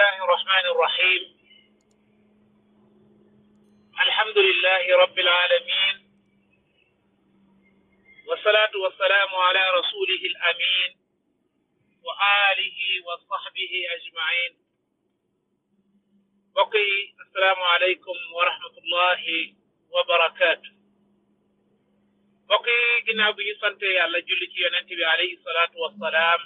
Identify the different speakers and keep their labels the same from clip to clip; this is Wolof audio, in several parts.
Speaker 1: الله الرحمن الرحيم الحمد لله رب العالمين والصلاة والسلام على رسوله الأمين وآله وصحبه أجمعين بقي السلام عليكم ورحمة الله وبركاته بقي جناب يسنتي على جل ينتبه عليه الصلاة والسلام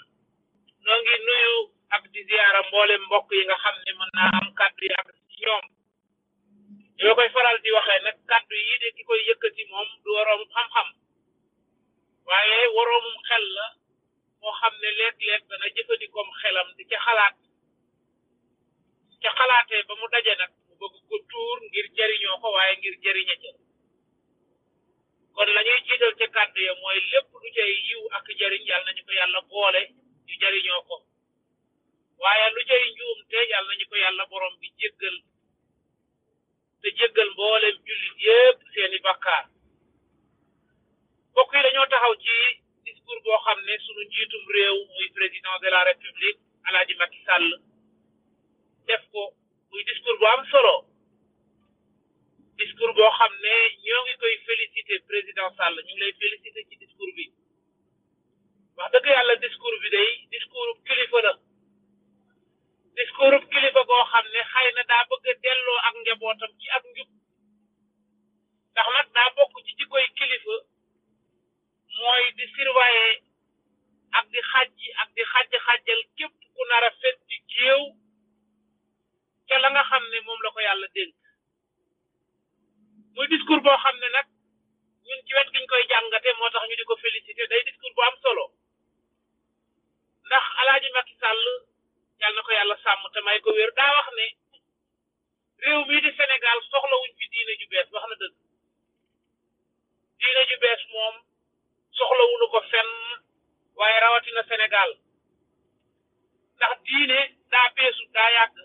Speaker 1: نوغي نيو ak di ziyaara mboolem mbokk yi nga xam ne mën naa am kàddu yi ak faral di waxee nag kàddu yi de ki koy yëkkati moom du waroomu xam-xam waaye waroomum xel la moo xam ne léeg-léeg dana jëfandikoom xelam di ca xalaat ca xalaatee ba mu daje nag mu bëgg ko tuur ngir jëriñoo ko waaye ngir jëriñe ca kon la ñuy jiital ca kàddu ya mooy lépp lu cay yiw ak jëriñ yàlla nañu ko yàlla boole ñu jëriñoo ko waaye lu cay njuum te yàlla nañu ko yàlla borom bi jéggal te jéggal mboolem jullit yépp seeni bakkaar mbokk yi dañoo taxaw ci discours boo xam ne sunu njiitum réew muy président de la république alaaji Macky Sall def ko muy discours bu am solo discours boo xam ne ñoo ngi koy félicité président Sall ñu ngi lay félicité ci discours bi wax dëgg yàlla discours bi day discours kilifa la discours ab kilifa goo xam ne xëy na daa bëgg a delloo ak njabootam ci ak njub ndax nag daa bokk ci ci koy kilifa mooy di surveiller ak di xajji ak képp ku nar a fet di géew ca la xam ne moom la ko yàlla dénk muy discours boo xam ne nag ñun ci wet giñ koy jàngate moo tax ñu di ko félicité day discours bu am solo ndax alaaji Macky Sall yàlla na ko yàlla sàmm te may ko wér daa wax ne réew mii di Sénégal soxlawuñ fi diine ju bees wax na dëgg diine ju bees moom soxlawuñu ko fenn waaye rawatina Sénégal ndax diine daa beesu daa yàgg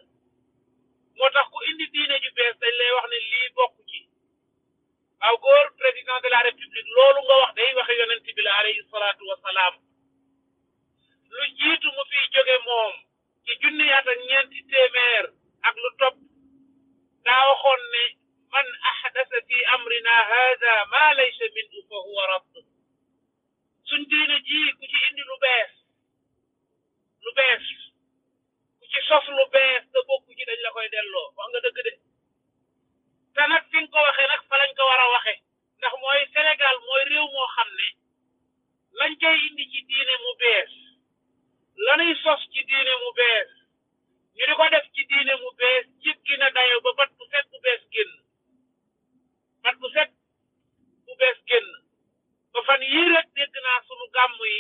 Speaker 1: moo tax ku indi diine ju bees dañ lay wax ne lii bokk ci waaw góor président de la république loolu nga wax day waxe yonent bi la alayhi salaatu wasalaam lu jiitu mu fiy jóge moom ci junni at ak ñeenti lanuy sos ci diine mu bees ñu di ko def ci diine mu bees jéggi na dayo ba bat bu set bu bees génn ba fan yii rek dégg naa sunu gàmm yi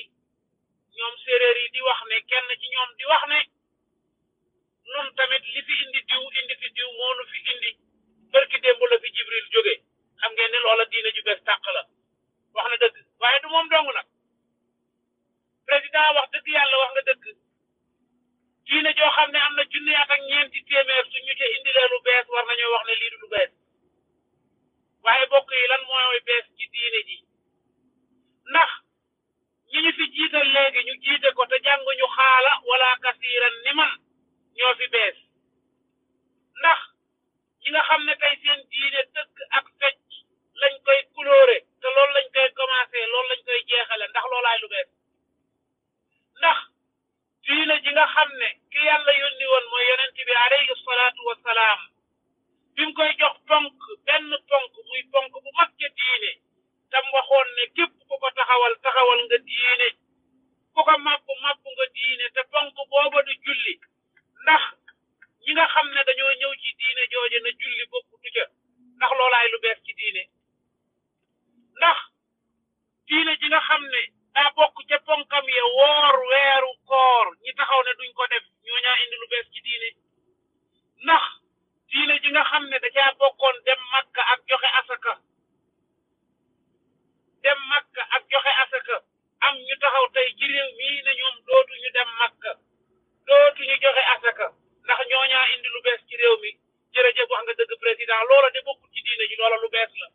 Speaker 1: ñoom séeréer yi di wax ne kenn ci ñoom di wax ne nun tamit li fi indi diw indi fi diw moonu fi indi bërki démb la fi jibril jóge xam ngeen ne loola diine ju bees tàq la wax na dëgg waaye du moom dong nag diine joo xam ne am na junni at ak ñeenti téeméer suñ ñu ca indilee lu bees war nañoo wax ne lii du lu bees waaye bokk yi lan mooy bees ci diine ji ndax ñi ñu fi jiital léegi ñu jiite ko te jànguñu xaala wala kasiiran ni man ñoo fi bees ndax ñi nga xam ne ñoom dootuñu dem Makka dootuñu joxe asaka ndax ñooñaa indi lu bees ci réew mi jërëjëf wax nga dëgg président loola de bokkul ci diine ji loola lu bees la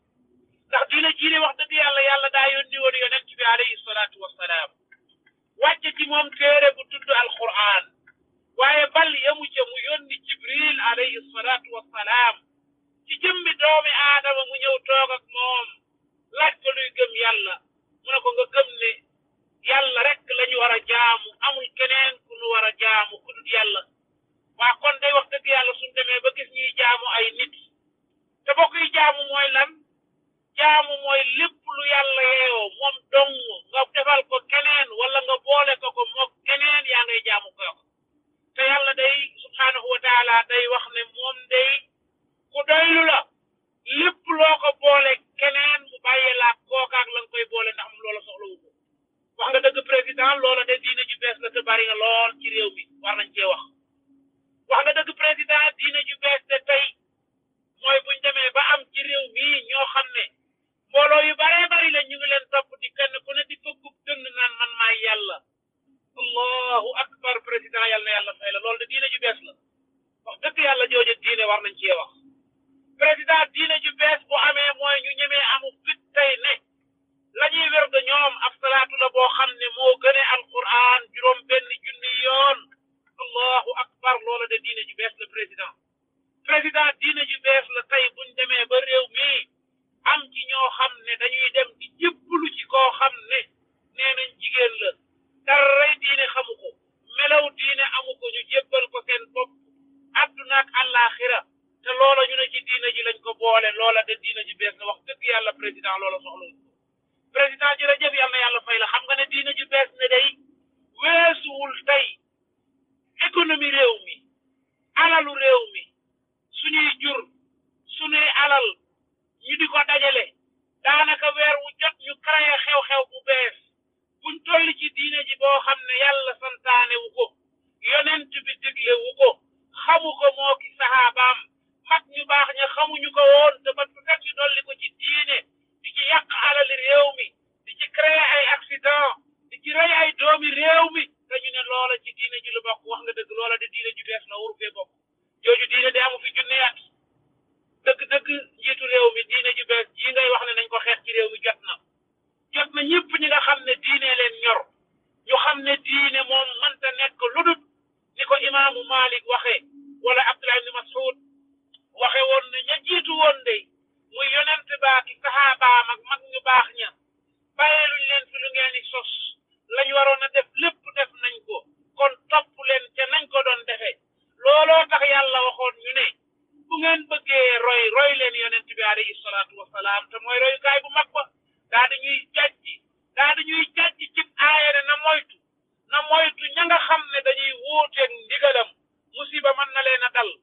Speaker 1: ndax diine ji de wax dëgg yàlla yàlla daa yónni woon yonent bi alayhi salaatu wassalaam wàcce ci moom téere bu tudd alquran waaye bal yamu ca mu yónni jibril alayhi salaatu wassalaam ci jëmmi doomi aadama mu ñëw toog moom laaj ko luy gëm yàlla mu ne ko nga gëm ne yàlla rek lañu war jaamu amul keneen ku ñu war jaamu ku dul yàlla waa kon day wax dëgg yàlla suñ ba gis ñuy jaamu ay nit te bokk yi jaamu mooy lan
Speaker 2: jaamu mooy
Speaker 1: lépp lu yàlla yeewoo moom dong nga defal ko keneen wala nga boole ko ko moog keneen yaa ngay jaamu ko te yàlla day subhaanahu wa day wax ne moom day ku doylu la lépp loo ko boole keneen mu bàyyee laa kookaak la nga koy boole ndax mu loola soxlawu ko wax nga dëgg président loola de diine ju bees la te bari na lool ci réew mi war nañ cee wax wax nga dëgg président diine ju bees te tey mooy buñ demee ba am ci réew mii ñoo xam ne mbooloo yu baree bari ñu bees la tey buñ demee ba réew mii am ci ñoo xam ne dañuy dem di jébbalu ci koo xam ne nee nañ jigéen la tarray diine xamu ko melaw diine amu ko ñu jébbal ko seen bopp adduna ak àllaaxira te loola ñu ne ci diina ji lañ ko boole loola de diina ji bees na wax dëgg yàlla président loola soxla wuñ ko président jërëjëf yal na yàlla fay la xam nga ne diina ji bees ne day weesuwul tey économie réew mi alalu réew mi suñuy jur sunuy alal ñu di ko dajale daanaka weer wu jot ñu créé xew-xew bu bees buñ toll ci diine ji boo xam ne yàlla santaane wu ko yonent bi digle wu ko xamu ko moo ki saxaabaam mag ñu baax ña xamuñu ko woon te ba fekk dolli ko ci diine di ci yàq alali réew mi di ci créé ay accident di ci rey ay doomi réew mi te ne loola ci diine ji lu bokk wax nga dëgg loola de diine ju bees la wur மக்கள்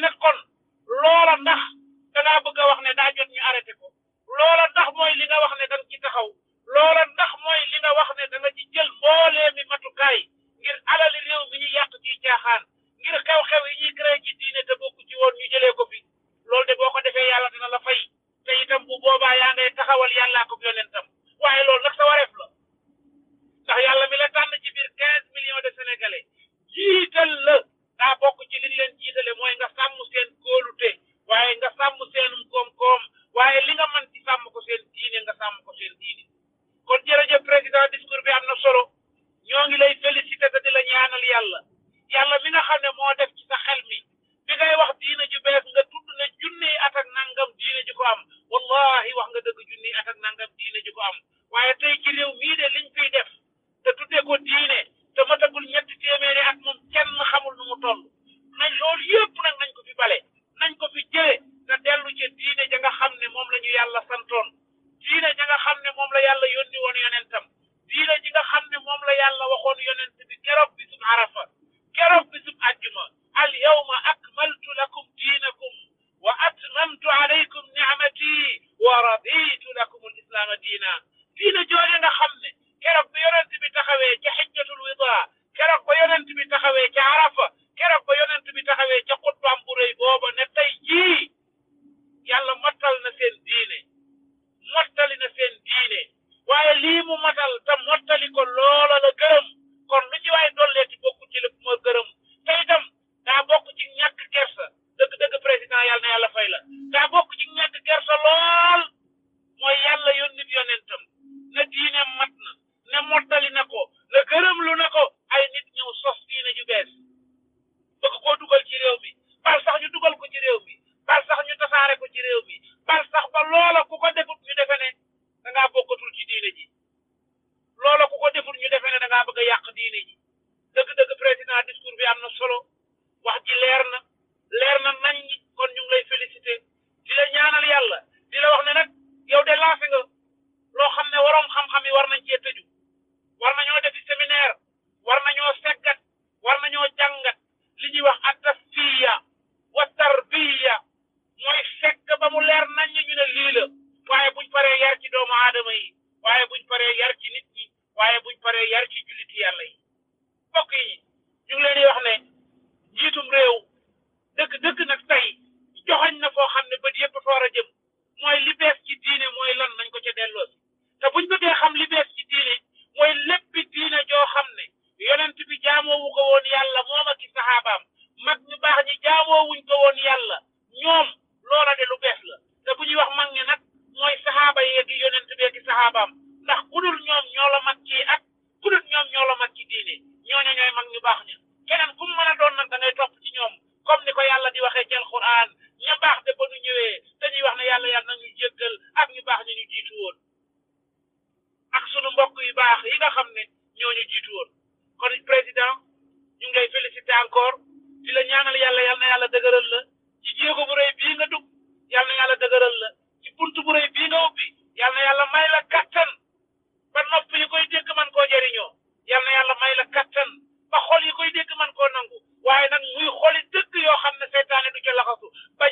Speaker 1: nag kon wax nga dëgg junni at ak nangam diine ji ko am waaye tey ci réew mii de liñ fiy def te tuddee ko diine te matagul ñetti téeméeri at moom kenn xamul nu mu toll mais loolu yëpp diina diina jooju nga xam waaye buñ paree yar ci nit ñi waaye buñ paree yar ci jullit yàlla yi mbokk yu baax yi nga xam ne ñoo di jiitu woon kon président ñu ngay félicité encore di la ñaanal yàlla yal na yàlla dëgëral la ci jéego bu rëy bii nga dugg yal la ci bunt bu rëy bii nga ubbi yal na yàlla may la kattan ba koy dégg man ko jëriñoo yal na yàlla may la kattan ba xol koy man koo nangu waaye nag muy xoli dëgg yoo xam ne seytaane du ca ba